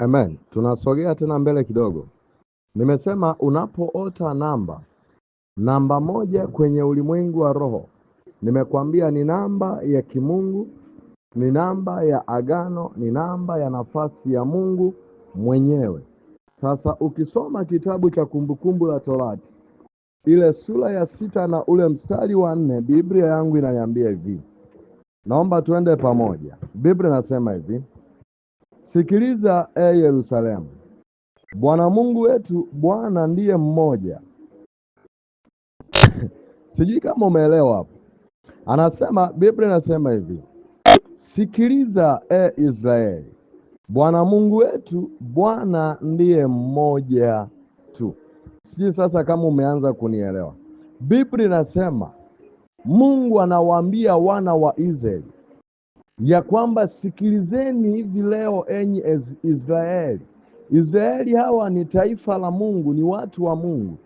Amen. Tunasogea tena mbele kidogo. Nimesema unapoota namba, namba moja kwenye ulimwengu wa roho, nimekwambia ni namba ya kimungu, ni namba ya agano, ni namba ya nafasi ya Mungu mwenyewe. Sasa ukisoma kitabu cha Kumbukumbu la Torati ile sura ya sita na ule mstari wa nne, Biblia yangu inaniambia hivi. Naomba tuende pamoja. Biblia nasema hivi Sikiliza e Yerusalemu, Bwana Mungu wetu Bwana ndiye mmoja. Sijui kama umeelewa hapo. Anasema Biblia inasema hivi, sikiliza e Israeli, Bwana Mungu wetu Bwana ndiye mmoja tu. Sijui sasa kama umeanza kunielewa. Biblia inasema Mungu anawaambia wana wa Israeli ya kwamba sikilizeni hivi leo, enyi Israeli. Israeli hawa ni taifa la Mungu, ni watu wa Mungu.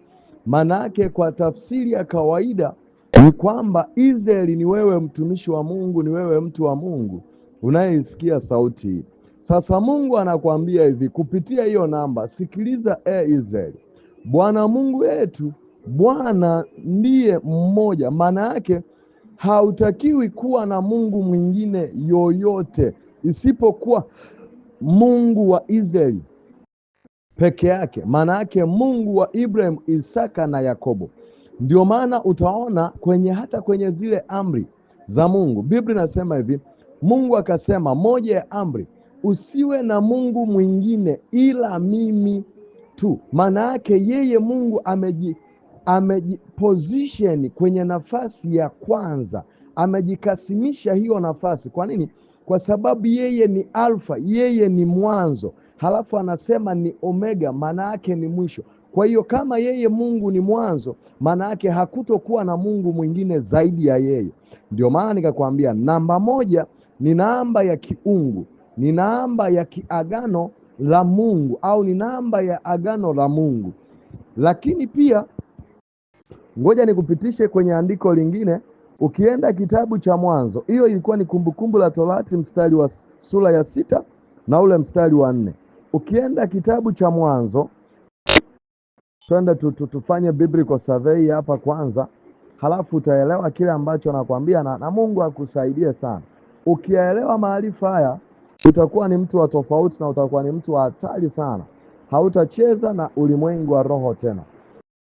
Manake kwa tafsiri ya kawaida ni kwamba Israeli ni wewe, mtumishi wa Mungu, ni wewe mtu wa Mungu unayeisikia sauti hii. Sasa Mungu anakuambia hivi kupitia hiyo namba, sikiliza e Israeli, Bwana Mungu wetu Bwana ndiye mmoja. Maana yake hautakiwi kuwa na Mungu mwingine yoyote isipokuwa Mungu wa Israeli peke yake, maana yake Mungu wa Ibrahim, Isaka na Yakobo. Ndio maana utaona kwenye hata kwenye zile amri za Mungu, Biblia inasema hivi, Mungu akasema, moja ya amri, usiwe na Mungu mwingine ila mimi tu. Maana yake yeye Mungu ameji amejiposition kwenye nafasi ya kwanza, amejikasimisha hiyo nafasi. Kwa nini? Kwa sababu yeye ni alfa, yeye ni mwanzo, halafu anasema ni omega, maana yake ni mwisho. Kwa hiyo kama yeye Mungu ni mwanzo, maana yake hakutokuwa na Mungu mwingine zaidi ya yeye. Ndio maana nikakwambia namba moja ni namba ya kiungu, ni namba ya kiagano la Mungu, au ni namba ya agano la Mungu, lakini pia Ngoja nikupitishe kwenye andiko lingine. Ukienda kitabu cha Mwanzo, hiyo ilikuwa ni kumbukumbu la Torati, mstari wa sura ya sita na ule mstari wa nne. Ukienda kitabu cha Mwanzo, twende tufanye biblical survey hapa kwanza, halafu utaelewa kile ambacho nakwambia na, na Mungu akusaidie sana. Ukiyaelewa maarifa haya utakuwa ni mtu wa tofauti na utakuwa ni mtu wa hatari sana, hautacheza na ulimwengu wa roho tena.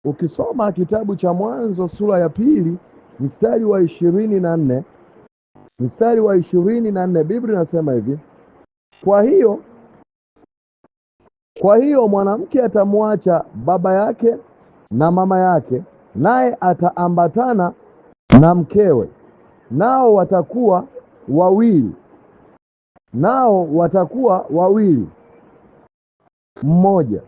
Ukisoma kitabu cha Mwanzo sura ya pili mstari wa ishirini na nne mstari wa ishirini na nne Biblia inasema hivi, kwa hiyo kwa hiyo mwanamke atamwacha baba yake na mama yake, naye ataambatana na mkewe, nao watakuwa wawili, nao watakuwa wawili mmoja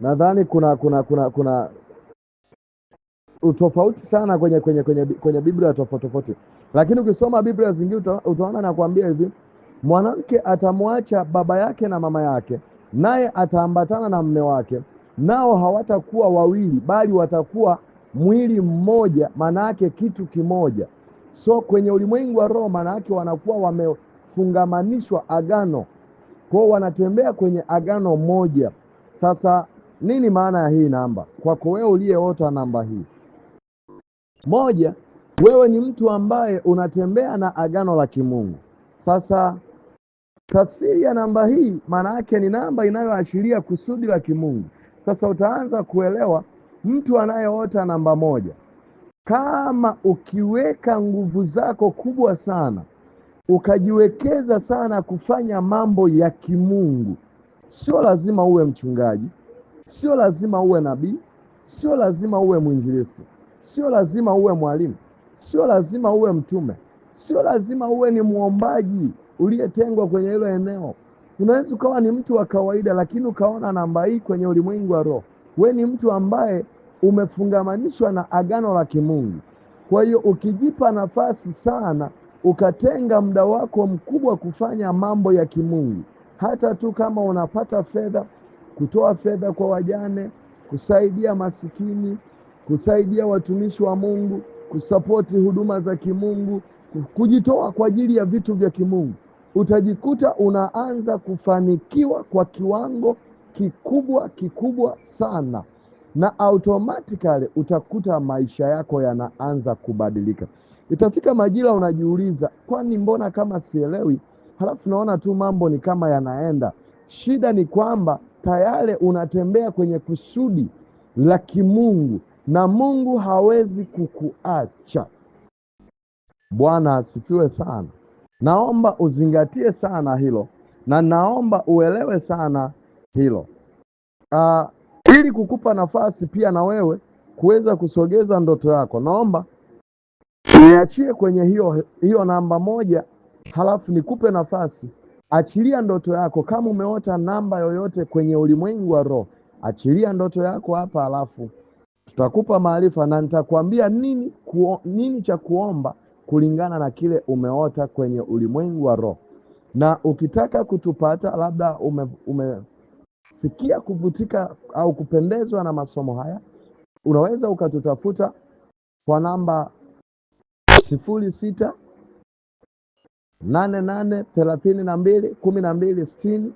nadhani kuna kuna kuna kuna utofauti sana kwenye kwenye kwenye, kwenye Biblia tofauti tofauti, lakini ukisoma Biblia zingine utaona nakwambia hivi, mwanamke atamwacha baba yake na mama yake, naye ataambatana na mme wake, nao hawatakuwa wawili, bali watakuwa mwili mmoja, maana yake kitu kimoja. So kwenye ulimwengu wa roho, maana yake wanakuwa wamefungamanishwa agano kwao, wanatembea kwenye agano moja. Sasa nini maana ya hii namba kwako wewe uliyeota namba hii? Moja, wewe ni mtu ambaye unatembea na agano la kimungu. Sasa tafsiri ya namba hii maana yake ni namba inayoashiria kusudi la kimungu. Sasa utaanza kuelewa mtu anayeota namba moja, kama ukiweka nguvu zako kubwa sana ukajiwekeza sana kufanya mambo ya kimungu, sio lazima uwe mchungaji, Sio lazima uwe nabii, sio lazima uwe mwinjilisti, sio lazima uwe mwalimu, sio lazima uwe mtume, sio lazima uwe ni mwombaji uliyetengwa kwenye hilo eneo. Unaweza ukawa ni mtu wa kawaida, lakini ukaona namba hii kwenye ulimwengu wa roho. We ni mtu ambaye umefungamanishwa na agano la kimungu. Kwa hiyo ukijipa nafasi sana, ukatenga muda wako mkubwa kufanya mambo ya kimungu, hata tu kama unapata fedha kutoa fedha kwa wajane, kusaidia masikini, kusaidia watumishi wa Mungu, kusapoti huduma za kimungu, kujitoa kwa ajili ya vitu vya kimungu, utajikuta unaanza kufanikiwa kwa kiwango kikubwa kikubwa sana, na automatically utakuta maisha yako yanaanza kubadilika. Itafika majira unajiuliza, kwani mbona kama sielewi? Halafu naona tu mambo ni kama yanaenda. Shida ni kwamba tayari unatembea kwenye kusudi la kimungu na Mungu hawezi kukuacha. Bwana asifiwe sana. Naomba uzingatie sana hilo na naomba uelewe sana hilo uh, ili kukupa nafasi pia na wewe kuweza kusogeza ndoto yako. Naomba niachie kwenye hiyo hiyo namba moja, halafu nikupe nafasi Achilia ndoto yako, kama umeota namba yoyote kwenye ulimwengu wa roho, achilia ndoto yako hapa, halafu tutakupa maarifa na nitakwambia nini, kuo, nini cha kuomba kulingana na kile umeota kwenye ulimwengu wa roho. Na ukitaka kutupata, labda ume, umesikia kuvutika au kupendezwa na masomo haya, unaweza ukatutafuta kwa namba sifuri sita nane nane thelathini na mbili kumi na mbili sitini.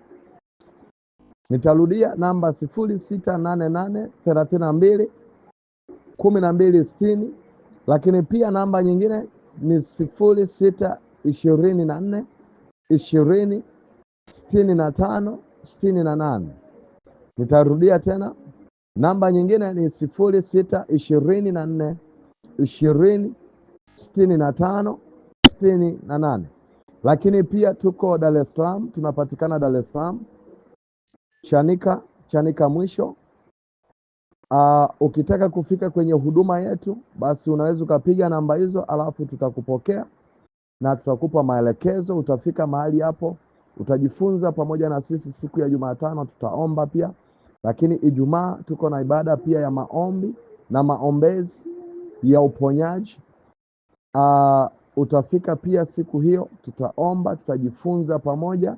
Nitarudia namba sifuri sita nane nane thelathini na mbili kumi na mbili sitini, lakini pia namba nyingine ni sifuri sita ishirini na nne ishirini sitini na tano sitini na nane. Nitarudia tena namba nyingine ni sifuri sita ishirini na nne ishirini sitini na tano sitini na nane. Lakini pia tuko Dar es Salaam, tunapatikana Dar es Salaam Chanika, Chanika mwisho. Uh, ukitaka kufika kwenye huduma yetu basi unaweza ukapiga namba hizo, alafu tutakupokea na tutakupa maelekezo. Utafika mahali hapo, utajifunza pamoja na sisi. Siku ya Jumatano tutaomba pia, lakini Ijumaa tuko na ibada pia ya maombi na maombezi ya uponyaji uh, utafika pia siku hiyo, tutaomba, tutajifunza pamoja.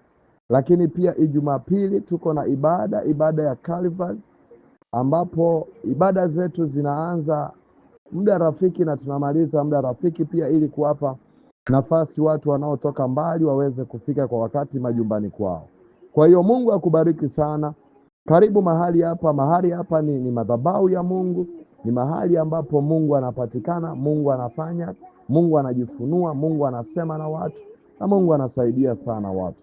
Lakini pia Ijumaa pili tuko na ibada, ibada ya Calvary, ambapo ibada zetu zinaanza muda rafiki na tunamaliza muda rafiki pia, ili kuwapa nafasi watu wanaotoka mbali waweze kufika kwa wakati majumbani kwao. Kwa hiyo Mungu akubariki sana. Karibu mahali hapa. Mahali hapa ni, ni madhabahu ya Mungu, ni mahali ambapo Mungu anapatikana, Mungu anafanya Mungu anajifunua, Mungu anasema na watu na Mungu anasaidia sana watu.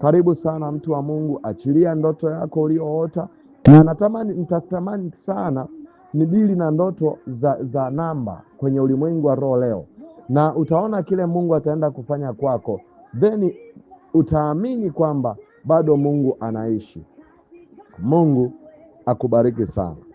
Karibu sana mtu wa Mungu, achilia ndoto yako ulioota, na natamani ntatamani sana dili na ndoto za, za namba kwenye ulimwengu wa roho leo, na utaona kile Mungu ataenda kufanya kwako, then utaamini kwamba bado Mungu anaishi. Mungu akubariki sana.